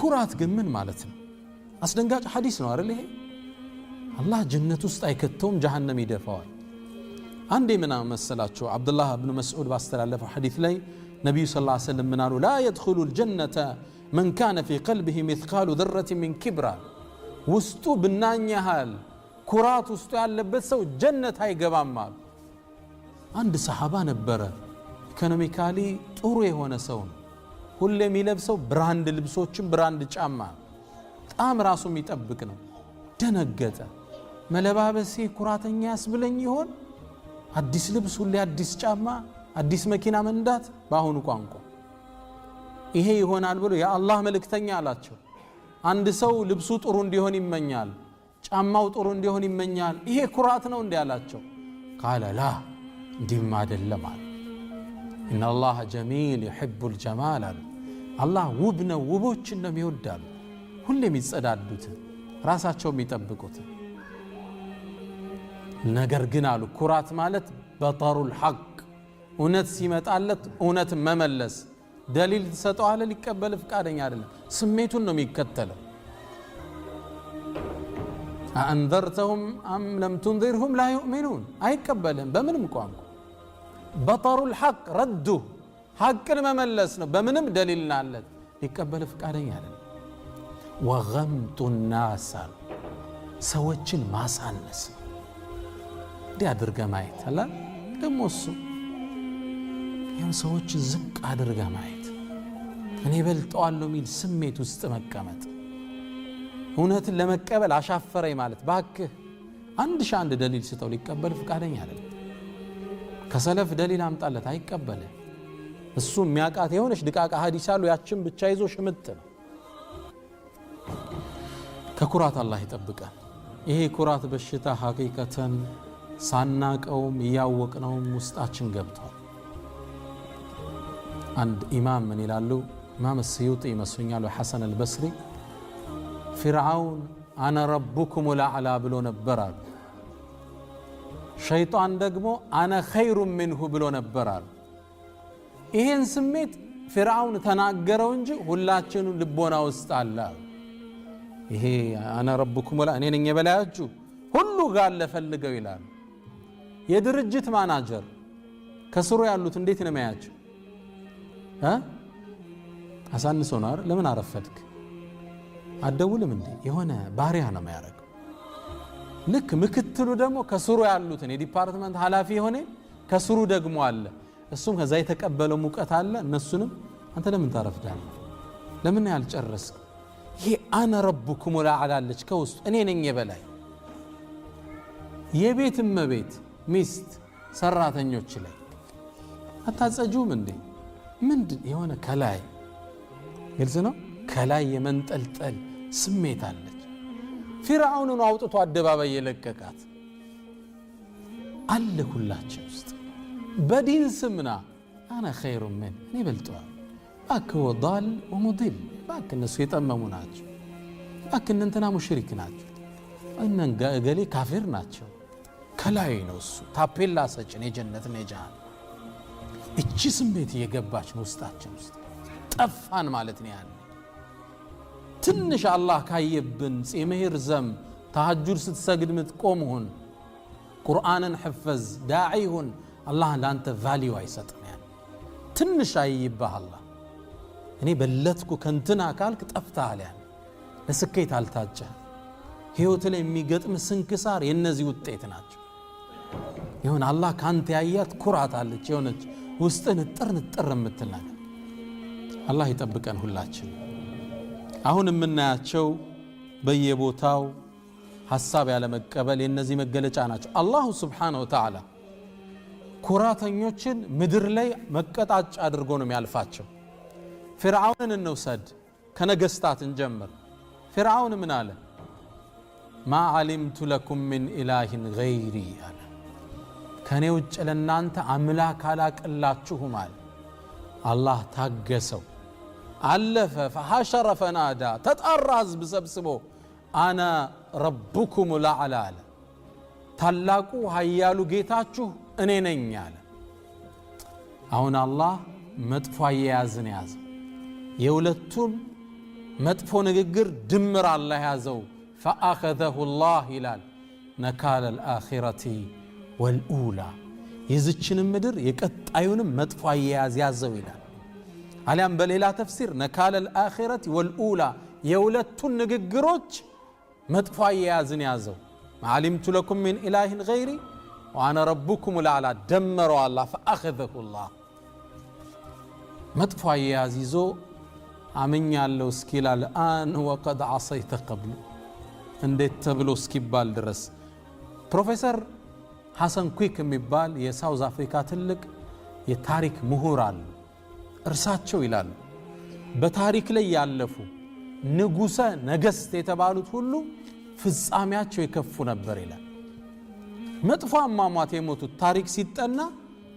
ኩራት ግን ምን ማለት ነው? አስደንጋጭ ሐዲስ ነው አይደል? ይሄ አላህ ጀነት ውስጥ አይከተውም፣ ጀሃነም ይደፋዋል። አንዴ ምና መሰላቸው አብዱላህ ብኑ መስዑድ ባስተላለፈው ሐዲት ላይ ነቢዩ ስ ሰለም ምን አሉ? ላ የድኹሉ ልጀነተ መን ካነ ፊ ቀልቢሂ ሚትቃሉ ዘረት ሚን ኪብራ፣ ውስጡ ብናኝ ያህል ኩራት ውስጡ ያለበት ሰው ጀነት አይገባም አሉ። አንድ ሰሓባ ነበረ ኢኮኖሚካሊ ጥሩ የሆነ ሰው ነው ሁሌ የሚለብሰው ብራንድ ልብሶችን ብራንድ ጫማ በጣም ራሱ የሚጠብቅ ነው። ደነገጠ። መለባበሴ ኩራተኛ ያስብለኝ ይሆን? አዲስ ልብስ፣ ሁሌ አዲስ ጫማ፣ አዲስ መኪና መንዳት በአሁኑ ቋንቋ ይሄ ይሆናል ብሎ የአላህ መልእክተኛ አላቸው። አንድ ሰው ልብሱ ጥሩ እንዲሆን ይመኛል፣ ጫማው ጥሩ እንዲሆን ይመኛል። ይሄ ኩራት ነው እንዲህ አላቸው። ቃለ ላ እንዲህም አይደለም አለ ኢነላህ ጀሚል ዩሒቡል ጀማል አሉ። አላህ ውብ ነው፣ ውቦችን ነው የሚወድ ሁሌ የሚጸዳዱት ራሳቸው የሚጠብቁት ነገር ግን አሉ ኩራት ማለት በጠሩል ሐቅ እውነት ሲመጣለት እውነትን መመለስ ደሊል ትሰጠዋለ፣ ሊቀበል ፍቃደኛ አይደለም። ስሜቱን ነው የሚከተለው። አእንዘርተሁም አም ለም ቱንዚርሁም ላ ዩእሚኑን አይቀበልህም በምንም ቋንቋ በጠሩል ሐቅ ረዱ ሐቅን መመለስ ነው። በምንም ደሊልና አለት ሊቀበል ፈቃደኛ አይደለም። ወገምጡ ናሳ ሰዎችን ማሳነስ እንዲህ አድርገ ማየት አላ ደግሞ እሱ ይህም ሰዎችን ዝቅ አድርገ ማየት እኔ በልጠዋለሁ የሚል ስሜት ውስጥ መቀመጥ እውነትን ለመቀበል አሻፈረኝ ማለት ባክህ አንድ ሺህ አንድ ደሊል ስተው ሊቀበል ፈቃደኛ አይደለም። ከሰለፍ ደሊል አምጣለት አይቀበልህ። እሱ የሚያቃት የሆነች ድቃቃ ሀዲስ አሉ ያችን ብቻ ይዞ ሽምጥ ነው። ከኩራት አላህ ይጠብቀን። ይሄ ኩራት በሽታ ሀቂቀትን ሳናቀውም እያወቅነውም ውስጣችን ገብቷል። አንድ ኢማም ምን ይላሉ? ኢማም ስዩጢ ይመስሉኛል፣ ሐሰን አልበስሪ ፊርዓውን አነ ረቡኩም ልአዕላ ብሎ ነበር አሉ ሸይጣን ደግሞ አነ ኸይሩ ምንሁ ብሎ ነበር አሉ። ይሄን ስሜት ፊርዓውን ተናገረው እንጂ ሁላችን ልቦና ውስጥ አለ። ይሄ አነ ረብኩም ላ እኔ ነኝ የበላያችሁ ሁሉ ጋር ለፈልገው ይላል። የድርጅት ማናጀር ከስሩ ያሉት እንዴት ነው የሚያያቸው? አሳንሶ ነው። ለምን አረፈድክ አደውልም እንዴ? የሆነ ባሪያ ነው የሚያደርገው ልክ ምክትሉ ደግሞ ከስሩ ያሉትን የዲፓርትመንት ኃላፊ የሆነ ከስሩ ደግሞ አለ። እሱም ከዛ የተቀበለው ሙቀት አለ። እነሱንም አንተ ለምን ታረፍዳለ? ለምን ያልጨረስ? ይሄ አነ ረቡኩም አላለች ከውስጡ እኔ ነኝ የበላይ የቤት እመቤት ሚስት ሰራተኞች ላይ አታጸጁም እንዴ? ምንድን የሆነ ከላይ ግልጽ ነው ከላይ የመንጠልጠል ስሜት አለ ፊርአውንን አውጥቶ አደባባይ የለቀቃት አለ ሁላችን ውስጥ በዲን ስምና አነ ኸይሩ ምን እኔ በልጠዋል ባክ ወዳል ወሙድል ባክ እነሱ የጠመሙ ናቸው ባክ እነንትና ሙሽሪክ ናቸው እነን ገሌ ካፊር ናቸው ከላይ ነው እሱ ታፔላ ሰጭን የጀነትን የጃሃን እቺ ስሜት እየገባችን ውስጣችን ውስጥ ጠፋን ማለት ነው ያለ ትንሽ አላህ ካየብን የመሄር ዘም ተሐጁድ ስትሰግድ ምትቆም ሁን፣ ቁርአንን ሕፈዝ፣ ዳዒ ሁን። አላህ ለአንተ ቫሊዩ አይሰጥም። ያ ትንሽ አይይባህ አላህ እኔ በለትኩ ከንትና ካልክ ጠፍተሃል። ያ ለስኬት አልታጨ ሕይወት ላይ የሚገጥም ስንክሳር የእነዚህ ውጤት ናቸው። ይሁን አላህ ካንተ ያያት ኩራት አለች የሆነች ውስጥ ንጥር ንጥር የምትል ነገር አላህ ይጠብቀን ሁላችን። አሁን የምናያቸው በየቦታው ሀሳብ ያለመቀበል የእነዚህ መገለጫ ናቸው። አላሁ ስብሓነ ወተዓላ ኩራተኞችን ምድር ላይ መቀጣጫ አድርጎ ነው የሚያልፋቸው። ፊርዓውንን እንውሰድ፣ ከነገስታት እንጀምር። ፊርዓውን ምን አለ? ማ ዓሊምቱ ለኩም ምን ኢላሂን ገይሪ አለ። ከእኔ ውጭ ለእናንተ አምላክ አላቅላችሁም አለ። አላህ ታገሰው። አለፈ። ፈሐሸረ ፈናዳ ተጣራ፣ ህዝብ ሰብስቦ አነ ረቡኩም ላዕላ አለ። ታላቁ ሀያሉ ጌታችሁ እኔ ነኝ አለ። አሁን አላህ መጥፎ አያያዝን ያዘ የሁለቱም መጥፎ ንግግር ድምር አላህ ያዘው። ፈአኸዘሁ ላህ ይላል ነካለ ልአኺረቲ ወልኡላ የዝችንም ምድር የቀጣዩንም መጥፎ አያያዝ ያዘው ይላል። አሊያም በሌላ ተፍሲር ነካለል አኺረት ወልኡላ የሁለቱን ንግግሮች መጥፎ አያያዝን ያዘው። ማዓሊምቱ ለኩም ሚን ኢላሂን ገይሪ ወአነ ረቡኩም ልአላ ደመረው አላ ፈአኸዘሁ ላህ መጥፎ አያያዝ ይዞ አምኛለሁ እስኪላል አን ወቀድ ዓሰይተ ቀብሉ እንዴት ተብሎ እስኪባል ድረስ ፕሮፌሰር ሐሰን ኩክ የሚባል የሳውዝ አፍሪካ ትልቅ የታሪክ ምሁር አሉ እርሳቸው ይላሉ። በታሪክ ላይ ያለፉ ንጉሠ ነገሥት የተባሉት ሁሉ ፍጻሜያቸው የከፉ ነበር ይላል። መጥፎ አሟሟት የሞቱት ታሪክ ሲጠና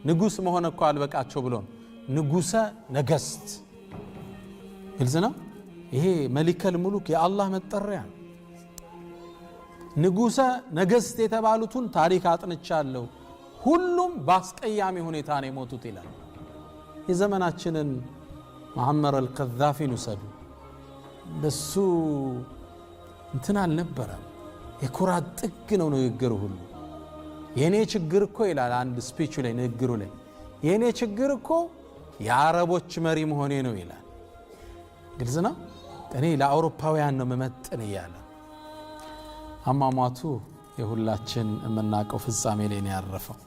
ንጉሥ መሆን እኮ አልበቃቸው ብሎ ነው ንጉሠ ነገሥት። ግልጽ ነው። ይሄ መሊከል ሙሉክ የአላህ መጠሪያ ንጉሠ ነገሥት የተባሉትን ታሪክ አጥንቻለሁ። ሁሉም በአስቀያሚ ሁኔታ ነው የሞቱት ይላል። የዘመናችንን መዓመር አልቀዛፊን ውሰዱ። በሱ እንትን አልነበረም። የኩራት ጥግ ነው ንግግር ሁሉ። የእኔ ችግር እኮ ይላል አንድ ስፒቹ ላይ ንግግሩ ላይ የእኔ ችግር እኮ የአረቦች መሪ መሆኔ ነው ይላል። ግልጽ ነው። እኔ ለአውሮፓውያን ነው መመጥን እያለ አሟሟቱ የሁላችን የምናውቀው ፍጻሜ ላይ ነው ያረፈው።